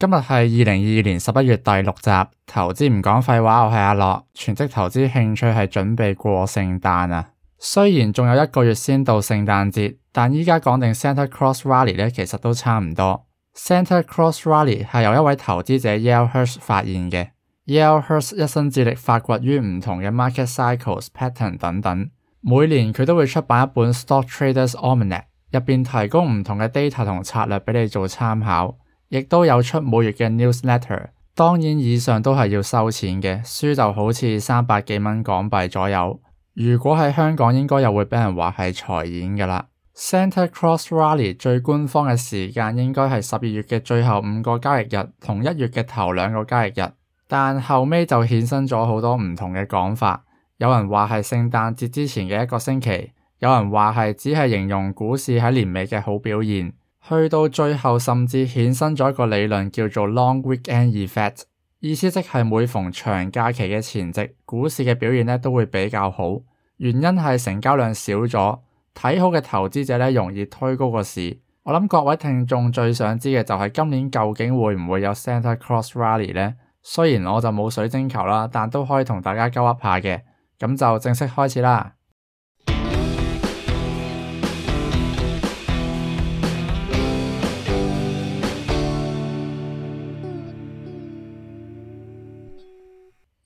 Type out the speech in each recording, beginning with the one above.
今日係二零二二年十一月第六集，投資唔講廢話，我係阿樂，全職投資興趣係準備過聖誕啊！雖然仲有一個月先到聖誕節，但依家講定 Santa Claus Rally 呢，其實都差唔多。Santa Claus Rally 係由一位投資者 Yale Hirsch 發現嘅。 Yale Hirsch 一生致力發掘於唔同嘅 market cycles pattern 等等，每年佢都會出版一本 Stock Traders Almanac，入邊提供唔同嘅 data 同策略畀你做參考。亦都有出每月嘅 news letter，當然以上都係要收錢嘅，書就好似三百幾蚊港幣左右。如果喺香港，應該又會畀人話係財演噶啦。Santa Claus Rally 最官方嘅時間應該係十二月嘅最後五個交易日，同一月嘅頭兩個交易日，但後尾就衍生咗好多唔同嘅講法。有人話係聖誕節之前嘅一個星期，有人話係只係形容股市喺年尾嘅好表現。去到最後甚至衍生咗一個理論，叫做 Long Weekend Effect，意思即係每逢長假期嘅前夕，股市嘅表現咧都會比較好。原因係成交量少咗，睇好嘅投資者咧容易推高個市。我諗各位聽眾最想知嘅就係今年究竟會唔會有 Santa Claus Rally 呢？雖然我就冇水晶球啦，但都可以同大家鳩噏下嘅。咁就正式開始啦。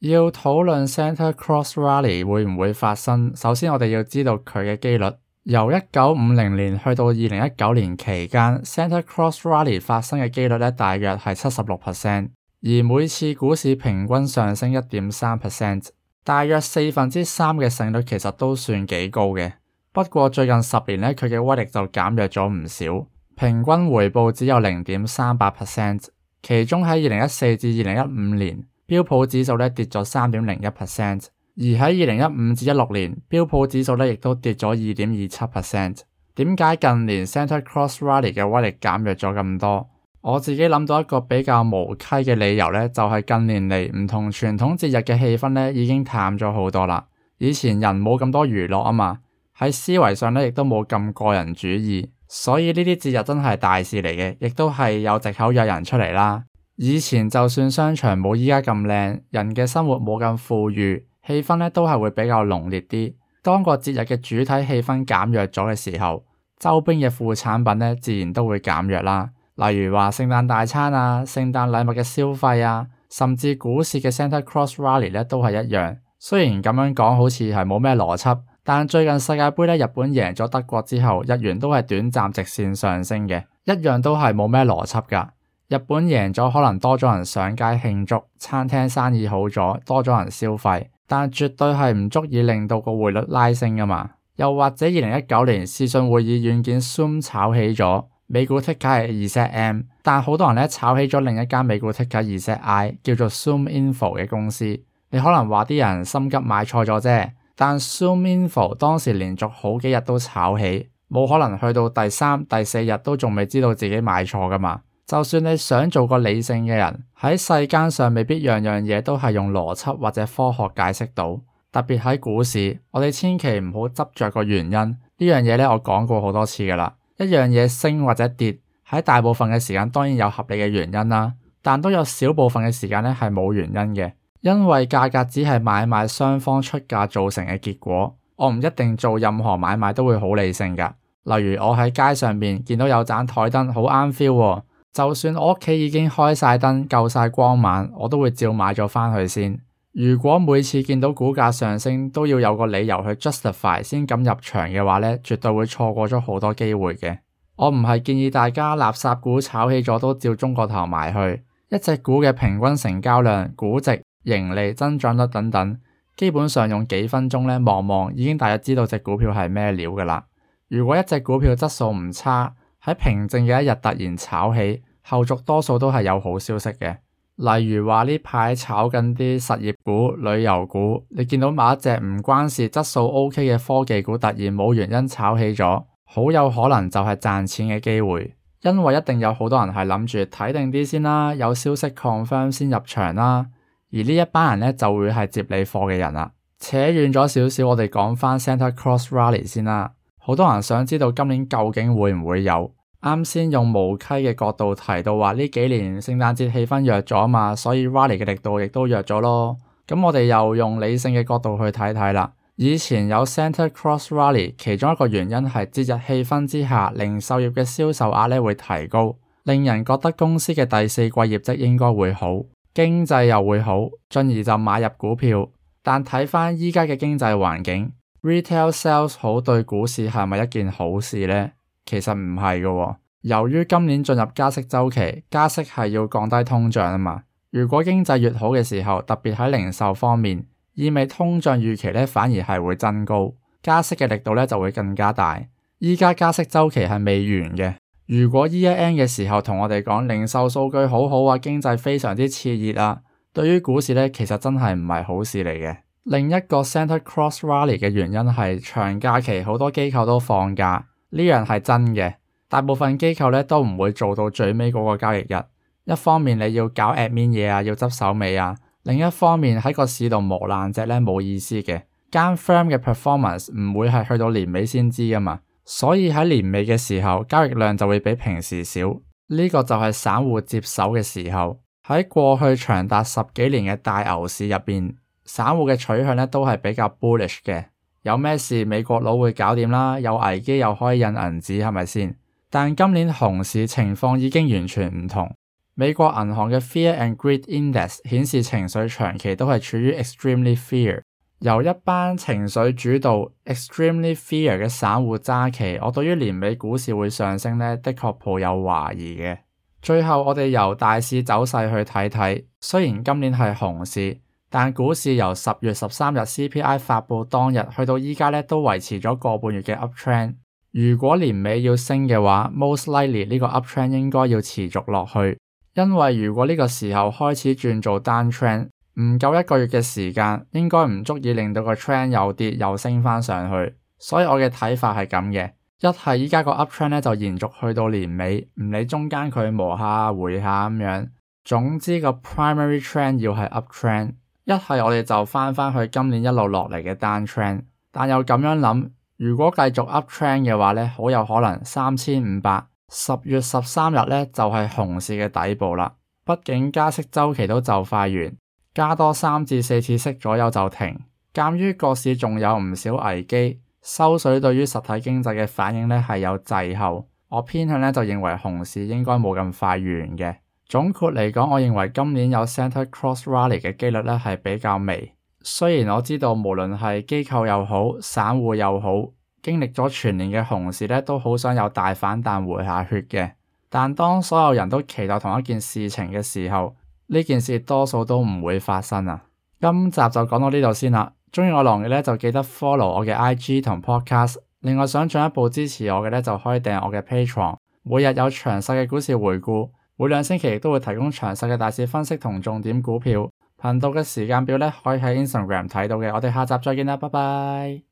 要討論 Santa Claus Rally 會唔會發生，首先我哋要知道佢嘅幾率。由一九五零年去到二零一九年期間，Santa Claus Rally 發生嘅幾率呢，大約係七十六 percent。而每次股市平均上升一點三 percent，大約四分之三嘅勝率其實都算幾高嘅。不過最近十年呢，佢嘅威力就減弱咗唔少，平均回報只有零點三八 %，percent。其中喺二零一四至二零一五年。標普指數咧跌咗三點零一 percent，而喺二零一五至一六年，標普指數咧亦都跌咗二點二七 percent。點解近年 Santa Claus Rally 嘅威力減弱咗咁多？我自己諗到一個比較無稽嘅理由咧，就係近年嚟，唔同傳統節日嘅氣氛咧已經淡咗好多啦。以前人冇咁多娛樂啊嘛，喺思維上咧亦都冇咁個人主義，所以呢啲節日真係大事嚟嘅，亦都係有藉口約人出嚟啦。以前就算商場冇依家咁靚，人嘅生活冇咁富裕，氣氛呢都係會比較濃烈啲。當個節日嘅主體氣氛減弱咗嘅時候，周邊嘅副產品呢自然都會減弱啦。例如話聖誕大餐啊、聖誕禮物嘅消費啊，甚至股市嘅 Santa Claus Rally 呢都係一樣。雖然咁樣講好似係冇咩邏輯，但最近世界盃呢日本贏咗德國之後，日元都係短暫直線上升嘅，一樣都係冇咩邏輯㗎。日本贏咗，可能多咗人上街慶祝，餐廳生意好咗，多咗人消費，但絕對係唔足以令到個匯率拉升㗎嘛。又或者二零一九年視訊會議軟件 Zoom 炒起咗，美股 Ticker 係 ZM，但好多人呢炒起咗另一間美股 Ticker ZI，叫做 Zoom Info 嘅公司。你可能話啲人心急買錯咗啫，但 Zoom Info 當時連續好幾日都炒起，冇可能去到第三、第四日都仲未知道自己買錯㗎嘛。就算你想做個理性嘅人，喺世間上未必樣樣嘢都係用邏輯或者科學解釋到。特別喺股市，我哋千祈唔好執着個原因呢樣嘢咧。我講過好多次噶啦，一樣嘢升或者跌，喺大部分嘅時間當然有合理嘅原因啦，但都有小部分嘅時間咧係冇原因嘅，因為價格只係買賣雙方出價造成嘅結果。我唔一定做任何買賣都會好理性噶。例如我喺街上面見到有盞檯燈好啱 feel 喎。就算我屋企已經開晒燈，夠晒光猛，我都會照買咗返去先。如果每次見到股價上升都要有個理由去 justify 先敢入場嘅話呢，絕對會錯過咗好多機會嘅。我唔係建議大家垃圾股炒起咗都照中個頭埋去。一隻股嘅平均成交量、估值、盈利增長率等等，基本上用幾分鐘呢望望，茫茫已經大約知道隻股票係咩料噶啦。如果一隻股票質素唔差。喺平靜嘅一日突然炒起，後續多數都係有好消息嘅。例如話呢排炒緊啲實業股、旅遊股，你見到某一隻唔關事、質素 OK 嘅科技股突然冇原因炒起咗，好有可能就係賺錢嘅機會，因為一定有好多人係諗住睇定啲先啦，有消息 confirm 先入場啦。而這一呢一班人咧就會係接你貨嘅人啦。扯遠咗少少，我哋講翻 Santa Claus Rally 先啦。好多人想知道今年究竟會唔會有？啱先用無稽嘅角度提到話呢幾年聖誕節氣氛弱咗嘛，所以 Rally 嘅力度亦都弱咗咯。咁我哋又用理性嘅角度去睇睇啦。以前有 Santa Claus Rally，其中一個原因係節日氣氛之下，零售業嘅銷售額咧會提高，令人覺得公司嘅第四季業績應該會好，經濟又會好，進而就買入股票。但睇翻依家嘅經濟環境。Retail sales 好，對股市係咪一件好事呢？其實唔係噶由於今年進入加息週期，加息係要降低通脹啊嘛。如果經濟越好嘅時候，特別喺零售方面，意味通脹預期咧反而係會增高，加息嘅力度咧就會更加大。依家，加息週期係未完嘅。如果 year-end 嘅時候同我哋講零售數據好好啊，經濟非常之熾熱啊，對於股市咧其實真係唔係好事嚟嘅。另一個 Santa Claus Rally 嘅原因係長假期，好多機構都放假，呢樣係真嘅。大部分機構咧都唔會做到最尾嗰個交易日。一方面你要搞 admin 嘢啊，要執手尾啊；另一方面喺個市度磨爛只咧冇意思嘅間 firm 嘅 performance 唔會係去到年尾先知噶嘛，所以喺年尾嘅時候交易量就會比平時少。呢、這個就係散戶接手嘅時候喺過去長達十幾年嘅大牛市入邊。散戶嘅取向呢都係比較 bullish 嘅，有咩事美國佬會搞掂啦。有危機又可以印銀紙，係咪先？但今年熊市情況已經完全唔同。美國銀行嘅 Fear and Greed Index 顯示情緒長期都係處於 extremely fear，由一班情緒主導 extremely fear 嘅散戶揸旗。我對於年尾股市會上升呢，的確抱有懷疑嘅。最後我哋由大市走勢去睇睇，雖然今年係熊市。但股市由十月十三日 CPI 發布當日去到依家咧，都維持咗個半月嘅 up trend。如果年尾要升嘅話，most likely 呢個 up trend 應該要持續落去，因為如果呢個時候開始轉做 down trend，唔夠一個月嘅時間，應該唔足以令到個 trend 又跌又升返上去。所以我嘅睇法係咁嘅，一係依家個 up trend 就延續去到年尾，唔理中間佢磨下回下咁樣，總之個 primary trend 要係 up trend。一係我哋就翻翻去今年一路落嚟嘅 downtrend，但又咁樣諗，如果繼續 uptrend 嘅話咧，好有可能三千五百，十月十三日咧就係熊市嘅底部啦。畢竟加息週期都就快完，加多三至四次息左右就停。鑑於個市仲有唔少危機，收水對於實體經濟嘅反應咧係有滯後，我偏向咧就認為熊市應該冇咁快完嘅。總括嚟講，我認為今年有 Santa Claus Rally 嘅幾率咧係比較微。雖然我知道無論係機構又好，散戶又好，經歷咗全年嘅熊市，都好想有大反彈回下血嘅。但當所有人都期待同一件事情嘅時候，呢件事多數都唔會發生啊。今集就講到這裏的的呢度先啦。中意我龍嘅咧就記得 follow 我嘅 IG 同 Podcast。另外想進一步支持我嘅咧就可以訂閱我嘅 Patreon，每日有詳細嘅股市回顧。每兩星期都會提供詳細嘅大市分析同重點股票。頻道嘅時間表咧，可以喺 Instagram 睇到嘅。我哋下集再見啦，拜拜。